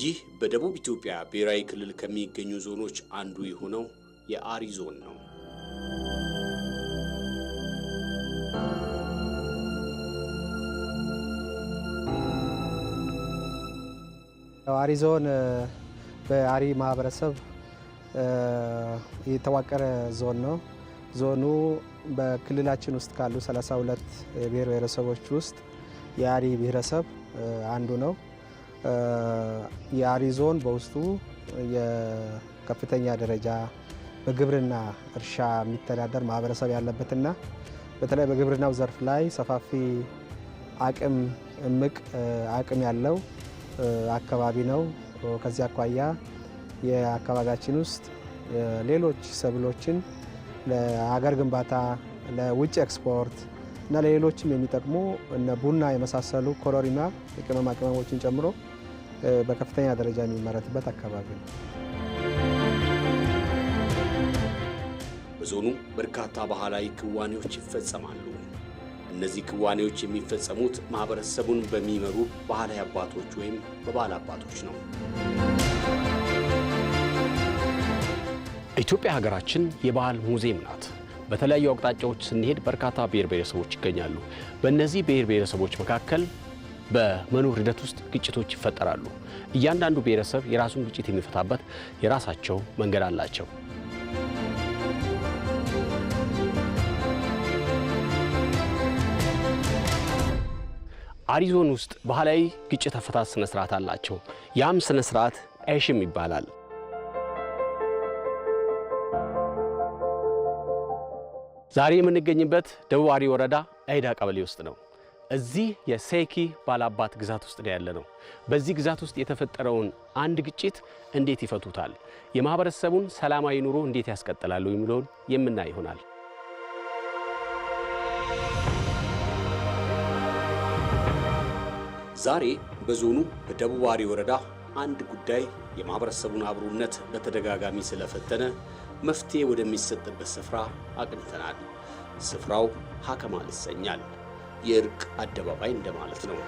ይህ በደቡብ ኢትዮጵያ ብሔራዊ ክልል ከሚገኙ ዞኖች አንዱ የሆነው የአሪ ዞን ነው። አሪ ዞን በአሪ ማህበረሰብ የተዋቀረ ዞን ነው። ዞኑ በክልላችን ውስጥ ካሉ 32 ብሔር ብሔረሰቦች ውስጥ የአሪ ብሔረሰብ አንዱ ነው። የአሪ ዞን በውስጡ የከፍተኛ ደረጃ በግብርና እርሻ የሚተዳደር ማህበረሰብ ያለበትና በተለይ በግብርናው ዘርፍ ላይ ሰፋፊ አቅም እምቅ አቅም ያለው አካባቢ ነው። ከዚህ አኳያ የአካባቢያችን ውስጥ ሌሎች ሰብሎችን ለሀገር ግንባታ፣ ለውጭ ኤክስፖርት እና ለሌሎችም የሚጠቅሙ እነ ቡና የመሳሰሉ ኮረሪማ የቅመማ ቅመሞችን ጨምሮ በከፍተኛ ደረጃ የሚመረትበት አካባቢ ነው። በዞኑ በርካታ ባህላዊ ክዋኔዎች ይፈጸማሉ። እነዚህ ክዋኔዎች የሚፈጸሙት ማህበረሰቡን በሚመሩ ባህላዊ አባቶች ወይም በባህል አባቶች ነው። ኢትዮጵያ ሀገራችን የባህል ሙዚየም ናት። በተለያዩ አቅጣጫዎች ስንሄድ በርካታ ብሔር ብሔረሰቦች ይገኛሉ። በእነዚህ ብሔር ብሔረሰቦች መካከል በመኖር ሂደት ውስጥ ግጭቶች ይፈጠራሉ። እያንዳንዱ ብሔረሰብ የራሱን ግጭት የሚፈታበት የራሳቸው መንገድ አላቸው። አሪዞን ውስጥ ባህላዊ ግጭት አፈታት ስነ ስርዓት አላቸው። ያም ስነ ስርዓት አይሽም ይባላል። ዛሬ የምንገኝበት ደቡብ አሪ ወረዳ አይዳ ቀበሌ ውስጥ ነው። እዚህ የሴኪ ባላባት ግዛት ውስጥ ነው ያለ ነው። በዚህ ግዛት ውስጥ የተፈጠረውን አንድ ግጭት እንዴት ይፈቱታል፣ የማህበረሰቡን ሰላማዊ ኑሮ እንዴት ያስቀጥላሉ የሚለውን የምናይ ይሆናል። ዛሬ በዞኑ በደቡብ ዋሪ ወረዳ አንድ ጉዳይ የማህበረሰቡን አብሮነት በተደጋጋሚ ስለፈተነ መፍትሄ ወደሚሰጥበት ስፍራ አቅንተናል። ስፍራው ሀከማል ይሰኛል። የእርቅ አደባባይ እንደማለት ነው።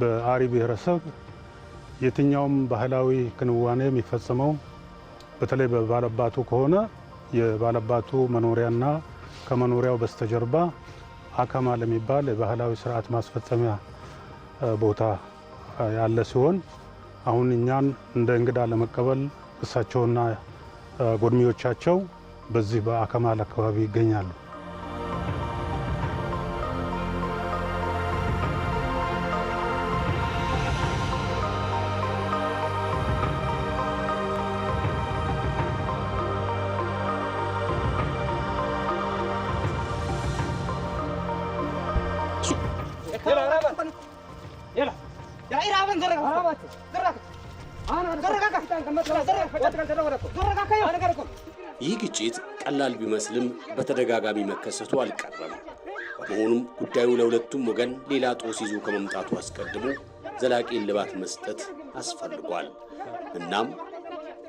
በአሪ ብሔረሰብ የትኛውም ባህላዊ ክንዋኔ የሚፈጸመው በተለይ በባለባቱ ከሆነ የባለባቱ መኖሪያና ከመኖሪያው በስተጀርባ አካማ ለሚባል የባህላዊ ስርዓት ማስፈጸሚያ ቦታ ያለ ሲሆን አሁን እኛን እንደ እንግዳ ለመቀበል እሳቸውና ጎድሚዎቻቸው በዚህ በአከማል አካባቢ ይገኛሉ። በተደጋጋሚ መከሰቱ አልቀረም። በመሆኑም ጉዳዩ ለሁለቱም ወገን ሌላ ጦስ ይዞ ከመምጣቱ አስቀድሞ ዘላቂ እልባት መስጠት አስፈልጓል። እናም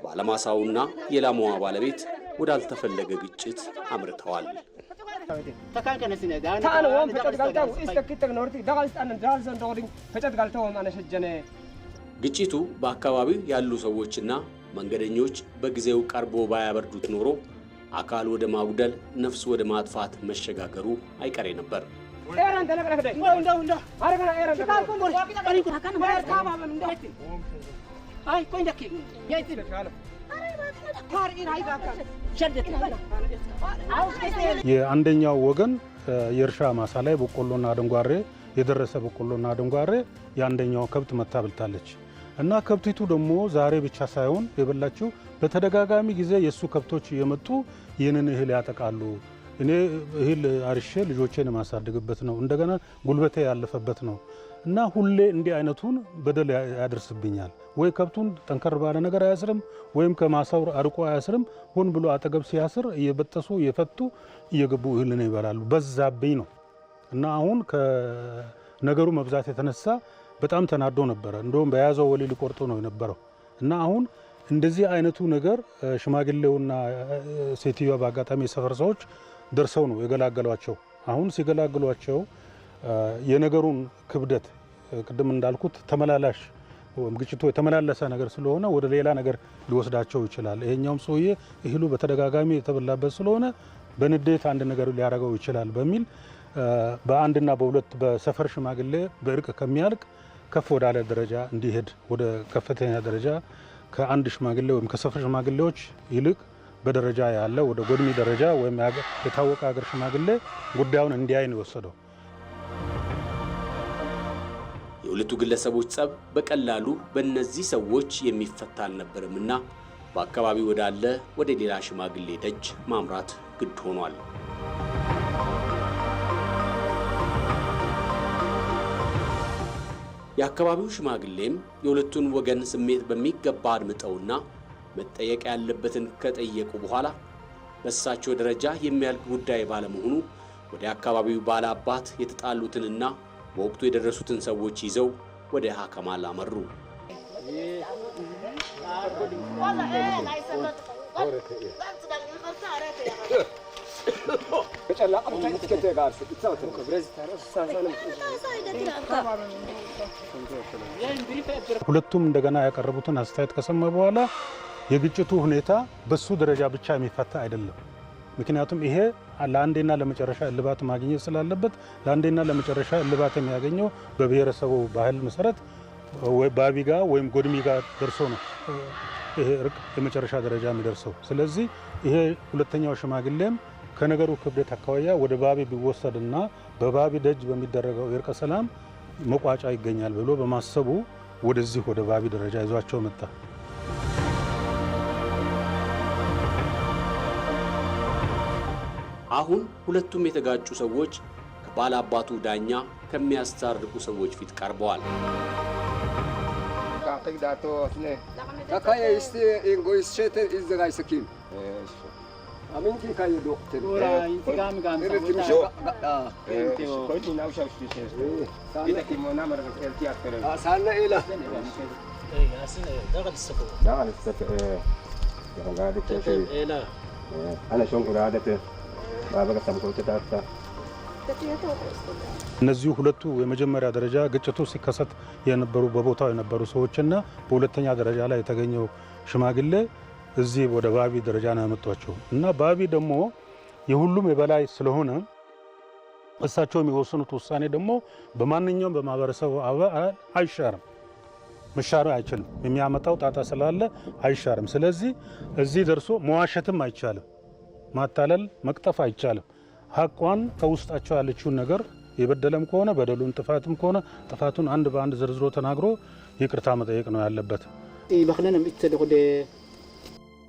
ባለማሳውና የላማዋ ባለቤት ወዳልተፈለገ ግጭት አምርተዋል። ግጭቱ በአካባቢው ያሉ ሰዎችና መንገደኞች በጊዜው ቀርቦ ባያበርዱት ኖሮ አካል ወደ ማጉደል፣ ነፍስ ወደ ማጥፋት መሸጋገሩ አይቀሬ ነበር። የአንደኛው ወገን የእርሻ ማሳ ላይ በቆሎና አደንጓሬ የደረሰ በቆሎና አደንጓሬ የአንደኛው ከብት መታ ብልታለች። እና ከብቲቱ ደግሞ ዛሬ ብቻ ሳይሆን የበላችው በተደጋጋሚ ጊዜ የእሱ ከብቶች እየመጡ ይህንን እህል ያጠቃሉ። እኔ እህል አርሼ ልጆቼን የማሳድግበት ነው፣ እንደገና ጉልበቴ ያለፈበት ነው እና ሁሌ እንዲህ አይነቱን በደል ያደርስብኛል። ወይ ከብቱን ጠንከር ባለ ነገር አያስርም፣ ወይም ከማሳው አርቆ አያስርም። ሆን ብሎ አጠገብ ሲያስር እየበጠሱ እየፈቱ እየገቡ እህልን ይበላሉ። በዛብኝ ነው እና አሁን ከነገሩ መብዛት የተነሳ በጣም ተናዶ ነበረ። እንደውም በያዘው ወሌ ሊቆርጦ ነው የነበረው እና አሁን እንደዚህ አይነቱ ነገር ሽማግሌውና ሴትዮዋ በአጋጣሚ የሰፈር ሰዎች ደርሰው ነው የገላገሏቸው። አሁን ሲገላግሏቸው የነገሩን ክብደት ቅድም እንዳልኩት ተመላላሽ ወይም ግጭቱ የተመላለሰ ነገር ስለሆነ ወደ ሌላ ነገር ሊወስዳቸው ይችላል። ይሄኛውም ሰውዬ እህሉ በተደጋጋሚ የተበላበት ስለሆነ በንዴት አንድ ነገር ሊያደርገው ይችላል በሚል በአንድና በሁለት በሰፈር ሽማግሌ በእርቅ ከሚያልቅ ከፍ ወዳለ ደረጃ እንዲሄድ ወደ ከፍተኛ ደረጃ ከአንድ ሽማግሌ ወይም ከሰፈር ሽማግሌዎች ይልቅ በደረጃ ያለ ወደ ጎድሚ ደረጃ ወይም የታወቀ ሀገር ሽማግሌ ጉዳዩን እንዲያይን ይወሰደው የወሰደው። የሁለቱ ግለሰቦች ጸብ በቀላሉ በእነዚህ ሰዎች የሚፈታ አልነበርምና በአካባቢው ወዳለ ወደ ሌላ ሽማግሌ ደጅ ማምራት ግድ ሆኗል። የአካባቢው ሽማግሌም የሁለቱን ወገን ስሜት በሚገባ አድምጠውና መጠየቅ ያለበትን ከጠየቁ በኋላ በእሳቸው ደረጃ የሚያልቅ ጉዳይ ባለመሆኑ ወደ አካባቢው ባለአባት የተጣሉትንና በወቅቱ የደረሱትን ሰዎች ይዘው ወደ ሀከማል አመሩ። ሁለቱም እንደገና ያቀረቡትን አስተያየት ከሰማ በኋላ የግጭቱ ሁኔታ በሱ ደረጃ ብቻ የሚፈታ አይደለም። ምክንያቱም ይሄ ለአንዴና ለመጨረሻ እልባት ማግኘት ስላለበት ለአንዴና ለመጨረሻ እልባት የሚያገኘው በብሔረሰቡ ባህል መሰረት ባቢጋ ወይም ጎድሚጋ ደርሶ ነው ይሄ እርቅ የመጨረሻ ደረጃ የሚደርሰው። ስለዚህ ይሄ ሁለተኛው ሽማግሌም ከነገሩ ክብደት አካባያ ወደ ባቢ ቢወሰድና በባቢ ደጅ በሚደረገው የእርቀ ሰላም መቋጫ ይገኛል ብሎ በማሰቡ ወደዚህ ወደ ባቢ ደረጃ ይዟቸው መጣ። አሁን ሁለቱም የተጋጩ ሰዎች ከባላባቱ ዳኛ ከሚያስታርቁ ሰዎች ፊት ቀርበዋል። እነዚሁ ሁለቱ የመጀመሪያ ደረጃ ግጭቱ ሲከሰት የነበሩ በቦታው የነበሩ ሰዎችና በሁለተኛ ደረጃ ላይ የተገኘው ሽማግሌ እዚህ ወደ ባቢ ደረጃ ነው ያመጧቸው እና ባቢ ደግሞ የሁሉም የበላይ ስለሆነ እሳቸው የሚወስኑት ውሳኔ ደግሞ በማንኛውም በማህበረሰቡ አይሻርም። መሻር አይችልም። የሚያመጣው ጣጣ ስላለ አይሻርም። ስለዚህ እዚህ ደርሶ መዋሸትም አይቻልም። ማታለል፣ መቅጠፍ አይቻልም። ሀቋን ከውስጣቸው ያለችውን ነገር የበደለም ከሆነ በደሉን ጥፋትም ከሆነ ጥፋቱን አንድ በአንድ ዘርዝሮ ተናግሮ ይቅርታ መጠየቅ ነው ያለበት።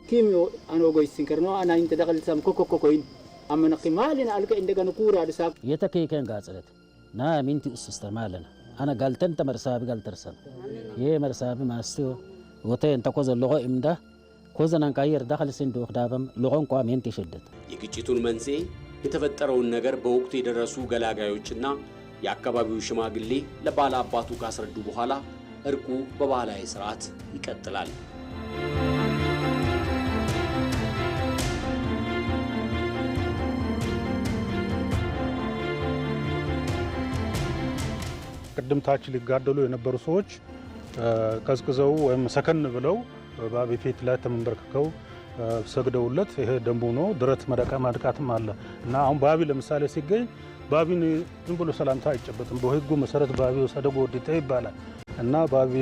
kim an ogoysinkerno anainte dakalisam kokokokoyin amanaki malina alka indegana kuradisa የተከይከን ጋጽረት ና ሚንቲ ኡስስተ ማለና አነ ጋልተን ተመርሳቢ ጋልተርሰን ይሄ መርሳቢ ማስትዮ ወተን ተኮዘ ለቆ እምዳ ኮዘናን ካየር ዳኸልስን ዶክ ዳበም ለቆን ቋ ሜንት ይሽደት የግጭቱን መንስኤ የተፈጠረውን ነገር በወቅቱ የደረሱ ገላጋዮችና የአካባቢው ሽማግሌ ለባለ አባቱ ካስረዱ በኋላ እርቁ በባህላዊ ስርዓት ይቀጥላል። ቅድም ታች ሊጋደሉ የነበሩ ሰዎች ቀዝቅዘው ወይም ሰከን ብለው በፊት ላይ ተመንበርክከው ሰግደውለት ይሄ ደንቡ ነው። ድረት ማድቃትም አለ እና አሁን ባቢ ለምሳሌ ሲገኝ ባቢን ዝም ብሎ ሰላምታ አይጨበጥም። በህጉ መሰረት ባቢ ሰደጎ ወዲተ ይባላል እና ባቢ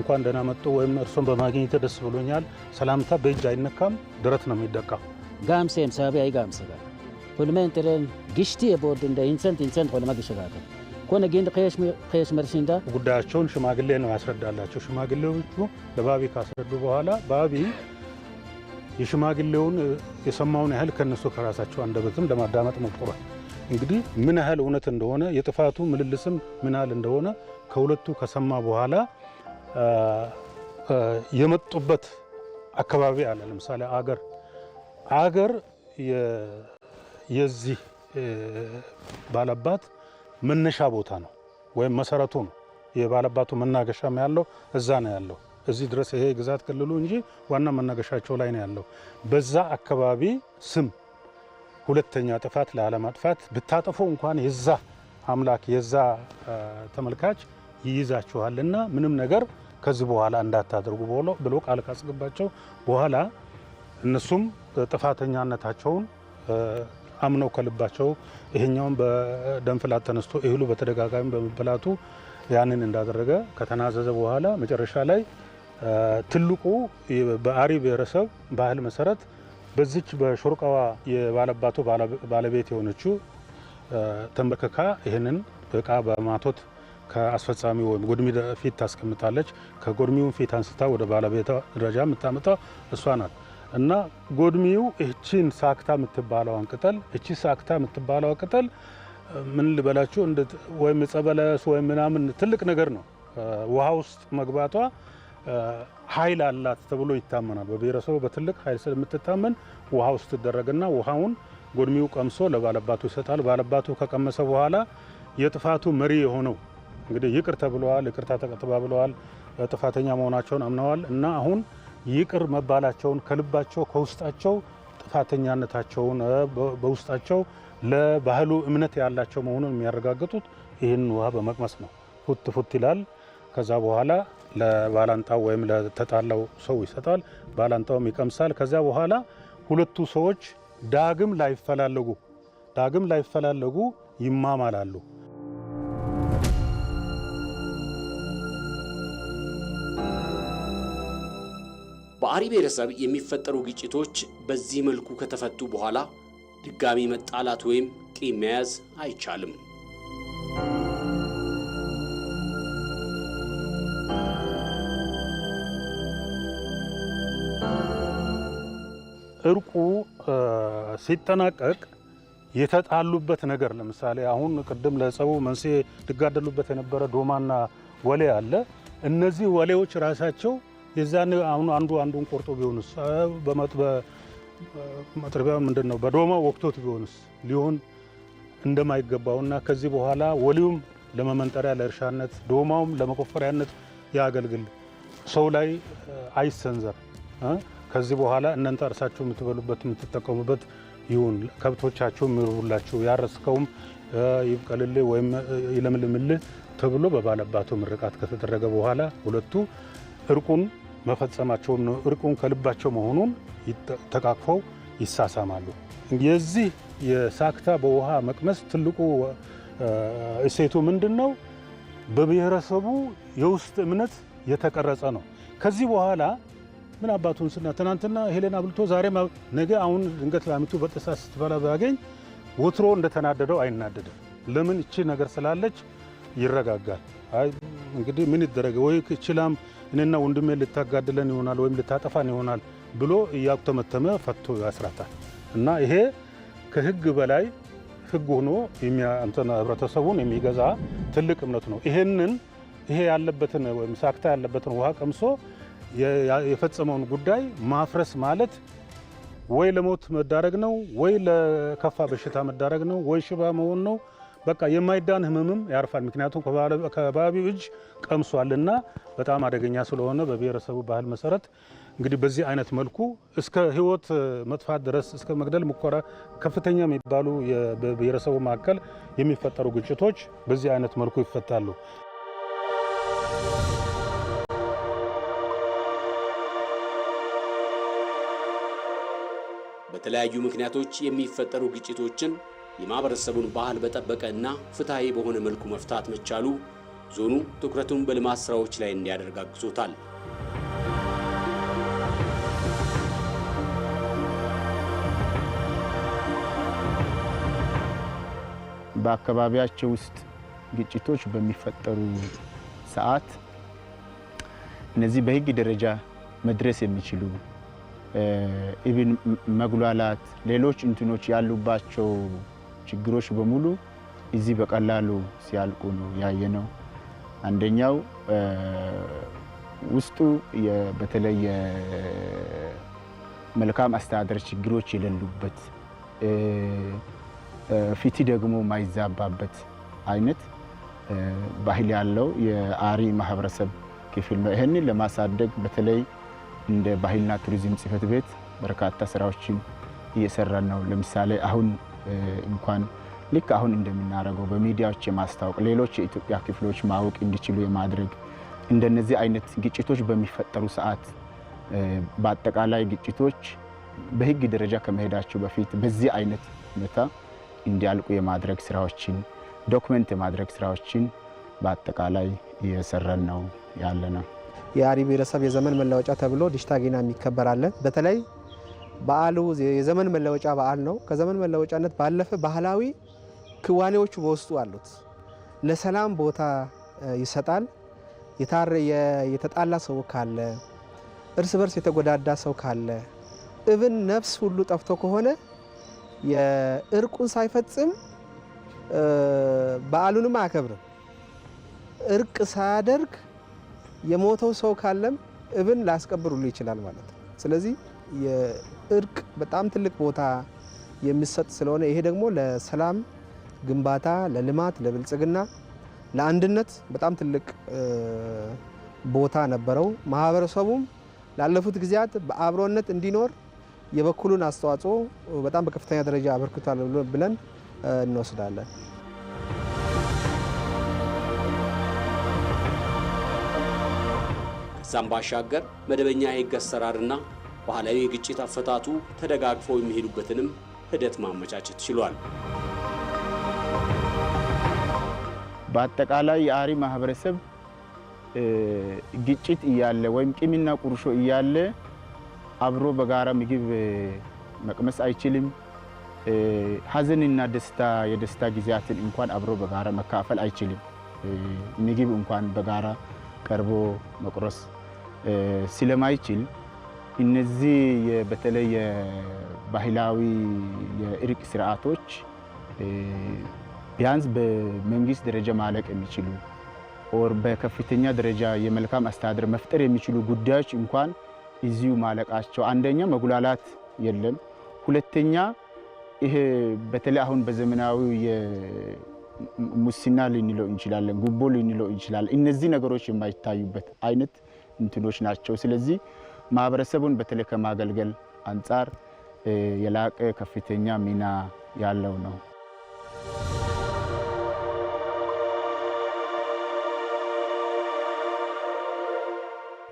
እንኳን ደህና መጡ ወይም እርሶን በማግኘት ደስ ብሎኛል፣ ሰላምታ በእጅ አይነካም፣ ድረት ነው የሚደቃው። ጋምሴም ሳቢያይ ጋምሴ ጋር ሁልሜን ግሽቲ የቦርድ እንደ ኢንሰንት ኢንሰንት ሆለመ ግሽጋተ ኮነጌን ቀየሽ መርሲንዳ ጉዳያቸውን ሽማግሌ ነው ያስረዳላቸው። ሽማግሌዎቹ ለባቢ ካስረዱ በኋላ ባቢ የሽማግሌውን የሰማውን ያህል ከነሱ ከራሳቸው አንደበትም ለማዳመጥ ሞክሯል። እንግዲህ ምን ያህል እውነት እንደሆነ የጥፋቱ ምልልስም ምን ያህል እንደሆነ ከሁለቱ ከሰማ በኋላ የመጡበት አካባቢ አለ። ለምሳሌ አገር አገር የዚህ ባላባት መነሻ ቦታ ነው ወይም መሰረቱ ነው። የባለባቱ መናገሻም ያለው እዛ ነው ያለው። እዚህ ድረስ ይሄ ግዛት ክልሉ እንጂ ዋና መናገሻቸው ላይ ነው ያለው። በዛ አካባቢ ስም ሁለተኛ ጥፋት ላለማጥፋት ብታጠፎ እንኳን የዛ አምላክ የዛ ተመልካች ይይዛችኋልና ምንም ነገር ከዚህ በኋላ እንዳታደርጉ ብሎ ቃል ካስገባቸው በኋላ እነሱም ጥፋተኛነታቸውን አምነው ከልባቸው ይሄኛውን በደንፍላት ተነስቶ እህሉ በተደጋጋሚ በመበላቱ ያንን እንዳደረገ ከተናዘዘ በኋላ መጨረሻ ላይ ትልቁ በአሪ ብሔረሰብ ባህል መሰረት በዚች በሾርቀዋ የባለባቱ ባለቤት የሆነችው ተንበርክካ ይህንን እቃ በማቶት ከአስፈጻሚ ወይም ጎድሚ ፊት ታስቀምጣለች። ከጎድሚውን ፊት አንስታ ወደ ባለቤቷ ደረጃ የምታመጣ እሷ ናት። እና ጎድሚው እቺን ሳክታ የምትባለዋን ቅጠል እቺ ሳክታ የምትባለዋ ቅጠል ምን ልበላችሁ ወይም ጸበለስ ወይም ምናምን ትልቅ ነገር ነው። ውሃ ውስጥ መግባቷ ኃይል አላት ተብሎ ይታመናል። በብሔረሰቡ በትልቅ ኃይል ስለምትታመን ውሃ ውስጥ ትደረግና ውሃውን ጎድሚው ቀምሶ ለባለባቱ ይሰጣል። ባለባቱ ከቀመሰ በኋላ የጥፋቱ መሪ የሆነው እንግዲህ ይቅር ተብለዋል፣ ይቅርታ ተቀጥባ ብለዋል፣ ጥፋተኛ መሆናቸውን አምነዋል እና አሁን ይቅር መባላቸውን ከልባቸው ከውስጣቸው ጥፋተኛነታቸውን በውስጣቸው ለባህሉ እምነት ያላቸው መሆኑን የሚያረጋግጡት ይህን ውሃ በመቅመስ ነው። ፉት ፉት ይላል። ከዛ በኋላ ለባላንጣው ወይም ለተጣላው ሰው ይሰጣል። ባላንጣውም ይቀምሳል። ከዚያ በኋላ ሁለቱ ሰዎች ዳግም ላይፈላለጉ ዳግም ላይፈላለጉ ይማማላሉ። በአሪ ብሔረሰብ የሚፈጠሩ ግጭቶች በዚህ መልኩ ከተፈቱ በኋላ ድጋሚ መጣላት ወይም ቂም መያዝ አይቻልም። እርቁ ሲጠናቀቅ የተጣሉበት ነገር ለምሳሌ አሁን ቅድም ለጸቡ መንስኤ ሊጋደሉበት የነበረ ዶማና ወሌ አለ። እነዚህ ወሌዎች ራሳቸው የዛን አሁን አንዱ አንዱን ቆርጦ ቢሆንስ በመጥረቢያ ምንድን ነው በዶማ ወቅቶት ቢሆንስ ሊሆን እንደማይገባውና ከዚህ በኋላ ወሊውም ለመመንጠሪያ ለእርሻነት፣ ዶማውም ለመቆፈሪያነት ያገልግል። ሰው ላይ አይሰንዘር። ከዚህ በኋላ እናንተ እርሳችሁ የምትበሉበት የምትጠቀሙበት ይሁን። ከብቶቻችሁ የሚርቡላችሁ፣ ያረስከውም ይብቀልልህ ወይም ይለምልምልህ ተብሎ በባለባቱ ምርቃት ከተደረገ በኋላ ሁለቱ እርቁን መፈጸማቸውም ነው። እርቁን ከልባቸው መሆኑን ተቃቅፈው ይሳሳማሉ። የዚህ የሳክታ በውሃ መቅመስ ትልቁ እሴቱ ምንድን ነው? በብሔረሰቡ የውስጥ እምነት የተቀረጸ ነው። ከዚህ በኋላ ምን አባቱን ስና ትናንትና ሄሌን አብልቶ ዛሬ ነገ አሁን ድንገት ላሚቱ በጥሳ ስትበላ ባገኝ ወትሮ እንደተናደደው አይናደድም። ለምን? እቺ ነገር ስላለች ይረጋጋል። እንግዲህ ምን ይደረገ ወይ ችላም እኔና ወንድሜ ልታጋድለን ይሆናል ወይም ልታጠፋን ይሆናል ብሎ እያተመተመ ፈቶ ያስራታል። እና ይሄ ከህግ በላይ ህግ ሆኖ ህብረተሰቡን የሚገዛ ትልቅ እምነት ነው። ይሄንን ይሄ ያለበትን ወይም ሳክታ ያለበትን ውሃ ቀምሶ የፈጸመውን ጉዳይ ማፍረስ ማለት ወይ ለሞት መዳረግ ነው፣ ወይ ለከፋ በሽታ መዳረግ ነው፣ ወይ ሽባ መሆን ነው በቃ የማይዳን ህመምም ያርፋል። ምክንያቱም ከባቢው እጅ ቀምሷልና በጣም አደገኛ ስለሆነ በብሔረሰቡ ባህል መሰረት እንግዲህ በዚህ አይነት መልኩ እስከ ህይወት መጥፋት ድረስ እስከ መግደል ሙከራ ከፍተኛ የሚባሉ በብሔረሰቡ መካከል የሚፈጠሩ ግጭቶች በዚህ አይነት መልኩ ይፈታሉ። በተለያዩ ምክንያቶች የሚፈጠሩ ግጭቶችን የማህበረሰቡን ባህል በጠበቀ እና ፍትሐዊ በሆነ መልኩ መፍታት መቻሉ ዞኑ ትኩረቱን በልማት ስራዎች ላይ እንዲያደርግ አግዞታል። በአካባቢያቸው ውስጥ ግጭቶች በሚፈጠሩ ሰዓት እነዚህ በህግ ደረጃ መድረስ የሚችሉ ኢብን መጉላላት ሌሎች እንትኖች ያሉባቸው ችግሮች በሙሉ እዚህ በቀላሉ ሲያልቁ ነው ያየነው። አንደኛው ውስጡ በተለይ የመልካም አስተዳደር ችግሮች የሌሉበት ፊት ደግሞ ማይዛባበት አይነት ባህል ያለው የአሪ ማህበረሰብ ክፍል ነው። ይህንን ለማሳደግ በተለይ እንደ ባህልና ቱሪዝም ጽህፈት ቤት በርካታ ስራዎችን እየሰራ ነው። ለምሳሌ አሁን እንኳን ልክ አሁን እንደምናደርገው በሚዲያዎች የማስታወቅ ሌሎች የኢትዮጵያ ክፍሎች ማወቅ እንዲችሉ የማድረግ እንደነዚህ አይነት ግጭቶች በሚፈጠሩ ሰዓት በአጠቃላይ ግጭቶች በህግ ደረጃ ከመሄዳቸው በፊት በዚህ አይነት ሁኔታ እንዲያልቁ የማድረግ ስራዎችን ዶክመንት የማድረግ ስራዎችን በአጠቃላይ እየሰራን ነው ያለ ነው። የአሪ ብሔረሰብ የዘመን መለወጫ ተብሎ ዲሽታ ጌና የሚከበራለን በተለይ በዓሉ የዘመን መለወጫ በዓል ነው። ከዘመን መለወጫነት ባለፈ ባህላዊ ክዋኔዎቹ በውስጡ አሉት። ለሰላም ቦታ ይሰጣል። የተጣላ ሰው ካለ፣ እርስ በርስ የተጎዳዳ ሰው ካለ፣ እብን ነፍስ ሁሉ ጠፍቶ ከሆነ የእርቁን ሳይፈጽም በዓሉንም አያከብርም። እርቅ ሳያደርግ የሞተው ሰው ካለም እብን ላስቀብሩሉ ይችላል ማለት ነው። ስለዚህ የእርቅ በጣም ትልቅ ቦታ የሚሰጥ ስለሆነ ይሄ ደግሞ ለሰላም ግንባታ፣ ለልማት፣ ለብልጽግና፣ ለአንድነት በጣም ትልቅ ቦታ ነበረው። ማህበረሰቡም ላለፉት ጊዜያት በአብሮነት እንዲኖር የበኩሉን አስተዋጽኦ በጣም በከፍተኛ ደረጃ አበርክቷል ብለን እንወስዳለን። ከዛም ባሻገር መደበኛ የህግ አሰራርና ባህላዊ የግጭት አፈታቱ ተደጋግፈው የሚሄዱበትንም ሂደት ማመቻቸት ችሏል። በአጠቃላይ የአሪ ማህበረሰብ ግጭት እያለ ወይም ቂምና ቁርሾ እያለ አብሮ በጋራ ምግብ መቅመስ አይችልም። ሀዘንና ደስታ የደስታ ጊዜያትን እንኳን አብሮ በጋራ መካፈል አይችልም። ምግብ እንኳን በጋራ ቀርቦ መቁረስ ስለማይችል እነዚህ በተለይ የባህላዊ የእርቅ ስርዓቶች ቢያንስ በመንግስት ደረጃ ማለቅ የሚችሉ ኦር በከፍተኛ ደረጃ የመልካም አስተዳደር መፍጠር የሚችሉ ጉዳዮች እንኳን እዚሁ ማለቃቸው፣ አንደኛ መጉላላት የለም፣ ሁለተኛ ይሄ በተለይ አሁን በዘመናዊ ሙስና ልንለው እንችላለን፣ ጉቦ ልንለው እንችላለን። እነዚህ ነገሮች የማይታዩበት አይነት እንትኖች ናቸው። ስለዚህ ማህበረሰቡን በተለይ ከማገልገል አንጻር የላቀ ከፍተኛ ሚና ያለው ነው።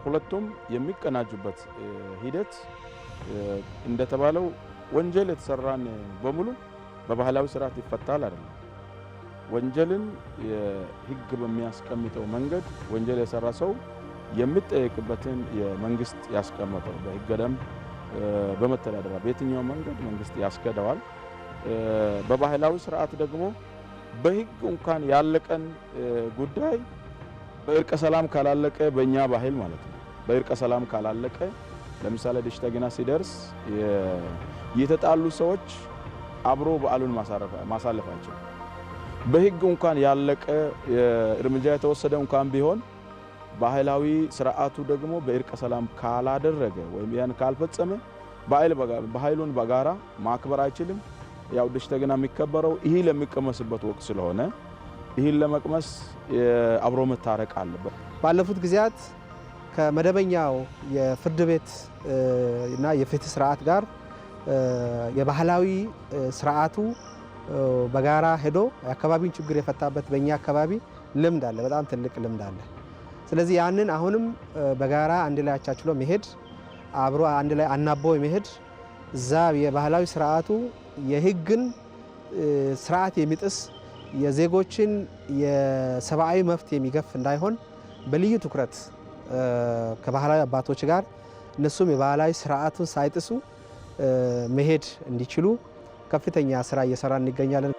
ሁለቱም የሚቀናጁበት ሂደት እንደተባለው ወንጀል የተሰራን በሙሉ በባህላዊ ስርዓት ይፈታል አይደለም። ወንጀልን ሕግ በሚያስቀምጠው መንገድ ወንጀል የሰራ ሰው የምጠየቅበትን የመንግስት ያስቀመጠው በህገደንብ ደንብ በመተዳደሪያ በየትኛው መንገድ መንግስት ያስገደዋል። በባህላዊ ስርዓት ደግሞ በህግ እንኳን ያለቀን ጉዳይ በእርቀ ሰላም ካላለቀ በእኛ ባህል ማለት ነው። በእርቀ ሰላም ካላለቀ ለምሳሌ ድሽተ ግና ሲደርስ የተጣሉ ሰዎች አብሮ በዓሉን ማሳለፋቸው በህግ እንኳን ያለቀ እርምጃ የተወሰደ እንኳን ቢሆን ባህላዊ ስርዓቱ ደግሞ በእርቀ ሰላም ካላደረገ ወይም ያን ካልፈጸመ ባህሉን በጋራ ማክበር አይችልም። ያው ድሽተግና የሚከበረው ይህ ለሚቀመስበት ወቅት ስለሆነ ይህን ለመቅመስ አብሮ መታረቅ አለበት። ባለፉት ጊዜያት ከመደበኛው የፍርድ ቤት እና የፍትህ ስርዓት ጋር የባህላዊ ስርዓቱ በጋራ ሄዶ የአካባቢውን ችግር የፈታበት በእኛ አካባቢ ልምድ አለ፣ በጣም ትልቅ ልምድ አለ። ስለዚህ ያንን አሁንም በጋራ አንድ ላይ አቻችሎ መሄድ አብሮ አንድ ላይ አናቦ መሄድ እዛ የባህላዊ ስርዓቱ የህግን ስርዓት የሚጥስ የዜጎችን የሰብአዊ መብት የሚገፍ እንዳይሆን በልዩ ትኩረት ከባህላዊ አባቶች ጋር እነሱም የባህላዊ ስርዓቱን ሳይጥሱ መሄድ እንዲችሉ ከፍተኛ ስራ እየሰራ እንገኛለን።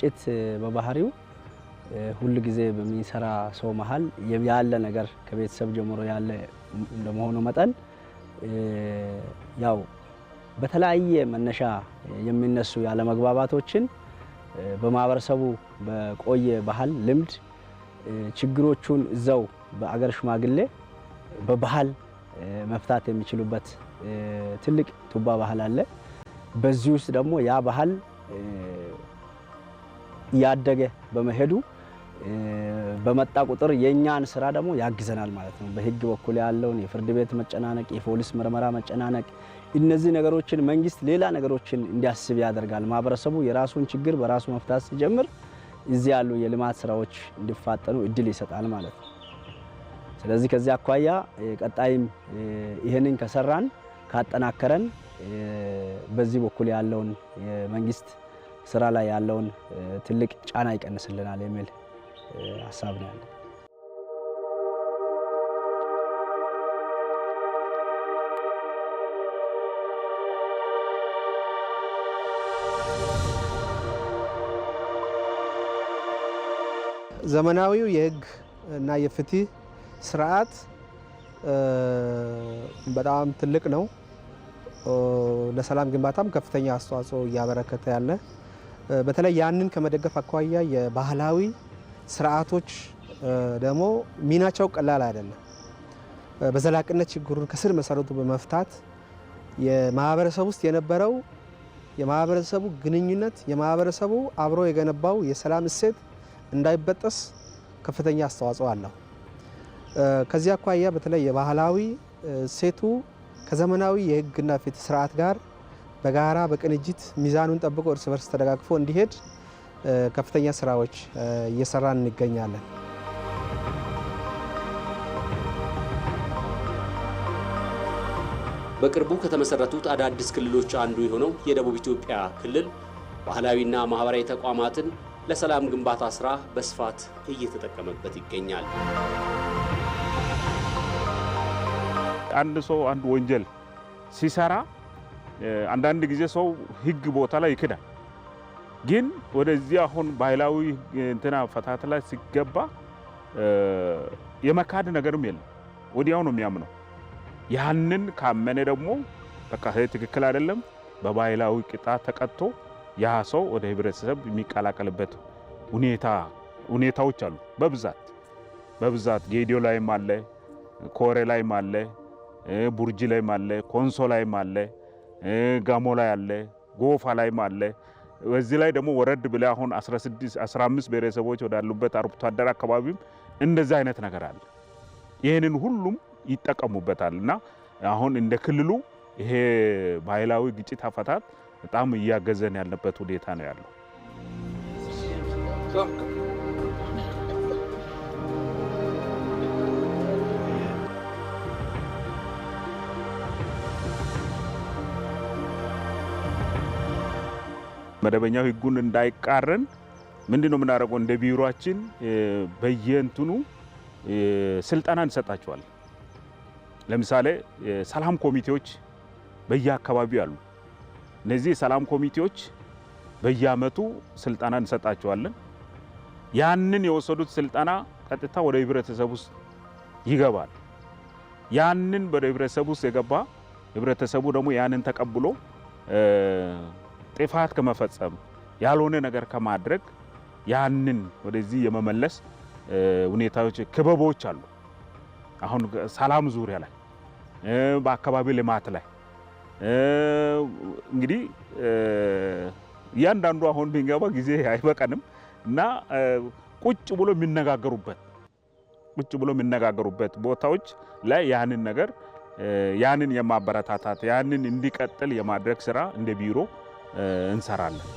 ግጭት በባህሪው ሁል ጊዜ በሚሰራ ሰው መሀል ያለ ነገር ከቤተሰብ ጀምሮ ያለ እንደመሆኑ መጠን ያው በተለያየ መነሻ የሚነሱ ያለመግባባቶችን በማህበረሰቡ በቆየ ባህል ልምድ ችግሮቹን እዛው በአገር ሽማግሌ በባህል መፍታት የሚችሉበት ትልቅ ቱባ ባህል አለ። በዚህ ውስጥ ደግሞ ያ ባህል እያደገ በመሄዱ በመጣ ቁጥር የእኛን ስራ ደግሞ ያግዘናል ማለት ነው። በህግ በኩል ያለውን የፍርድ ቤት መጨናነቅ፣ የፖሊስ ምርመራ መጨናነቅ፣ እነዚህ ነገሮችን መንግስት ሌላ ነገሮችን እንዲያስብ ያደርጋል። ማህበረሰቡ የራሱን ችግር በራሱ መፍታት ሲጀምር እዚህ ያሉ የልማት ስራዎች እንዲፋጠኑ እድል ይሰጣል ማለት ነው። ስለዚህ ከዚህ አኳያ ቀጣይም ይህንን ከሰራን ካጠናከረን በዚህ በኩል ያለውን መንግስት ስራ ላይ ያለውን ትልቅ ጫና ይቀንስልናል የሚል ሀሳብ ነው ያለው። ዘመናዊው የህግ እና የፍትህ ስርዓት በጣም ትልቅ ነው። ለሰላም ግንባታም ከፍተኛ አስተዋጽኦ እያበረከተ ያለ በተለይ ያንን ከመደገፍ አኳያ የባህላዊ ስርዓቶች ደግሞ ሚናቸው ቀላል አይደለም። በዘላቂነት ችግሩን ከስር መሰረቱ በመፍታት የማህበረሰብ ውስጥ የነበረው የማህበረሰቡ ግንኙነት የማህበረሰቡ አብሮ የገነባው የሰላም እሴት እንዳይበጠስ ከፍተኛ አስተዋጽኦ አለው። ከዚህ አኳያ በተለይ የባህላዊ እሴቱ ከዘመናዊ የህግና ፍትህ ስርዓት ጋር በጋራ በቅንጅት ሚዛኑን ጠብቆ እርስ በርስ ተደጋግፎ እንዲሄድ ከፍተኛ ስራዎች እየሰራን እንገኛለን። በቅርቡ ከተመሰረቱት አዳዲስ ክልሎች አንዱ የሆነው የደቡብ ኢትዮጵያ ክልል ባህላዊና ማህበራዊ ተቋማትን ለሰላም ግንባታ ስራ በስፋት እየተጠቀመበት ይገኛል። አንድ ሰው አንድ ወንጀል ሲሰራ አንዳንድ ጊዜ ሰው ህግ ቦታ ላይ ይክዳል። ግን ወደዚህ አሁን ባህላዊ እንትና ፈታት ላይ ሲገባ የመካድ ነገርም የለም። ወዲያው ነው የሚያምነው። ያንን ካመነ ደግሞ በቃ ትክክል አይደለም፣ በባህላዊ ቅጣት ተቀጥቶ ያ ሰው ወደ ህብረተሰብ የሚቀላቀልበት ሁኔታዎች አሉ። በብዛት በብዛት ጌዲዮ ላይም አለ፣ ኮሬ ላይም አለ፣ ቡርጂ ላይም አለ፣ ኮንሶ ላይም አለ። ጋሞ ላይ አለ፣ ጎፋ ላይም አለ። በዚህ ላይ ደግሞ ወረድ ብለ አሁን 16 15 ብሔረሰቦች ወዳሉበት አርብቶ አደር አካባቢም እንደዛ አይነት ነገር አለ። ይህንን ሁሉም ይጠቀሙበታል እና አሁን እንደ ክልሉ ይሄ ባህላዊ ግጭት አፈታት በጣም እያገዘን ያለበት ሁኔታ ነው ያለው። መደበኛው ህጉን እንዳይቃረን ምንድን ነው የምናደርገው? እንደ ቢሮችን በየእንትኑ ስልጠና እንሰጣቸዋል። ለምሳሌ ሰላም ኮሚቴዎች በየአካባቢው አሉ። እነዚህ የሰላም ኮሚቴዎች በየአመቱ ስልጠና እንሰጣቸዋለን። ያንን የወሰዱት ስልጠና ቀጥታ ወደ ህብረተሰብ ውስጥ ይገባል። ያንን ወደ ህብረተሰብ ውስጥ የገባ ህብረተሰቡ ደግሞ ያንን ተቀብሎ ጥፋት ከመፈጸም ያልሆነ ነገር ከማድረግ ያንን ወደዚህ የመመለስ ሁኔታዎች ክበቦች አሉ። አሁን ሰላም ዙሪያ ላይ በአካባቢ ልማት ላይ እንግዲህ እያንዳንዱ አሁን ቢንገባ ጊዜ አይበቀንም እና ቁጭ ብሎ የሚነጋገሩበት ቁጭ ብሎ የሚነጋገሩበት ቦታዎች ላይ ያንን ነገር ያንን የማበረታታት ያንን እንዲቀጥል የማድረግ ስራ እንደ ቢሮ እንሰራለን።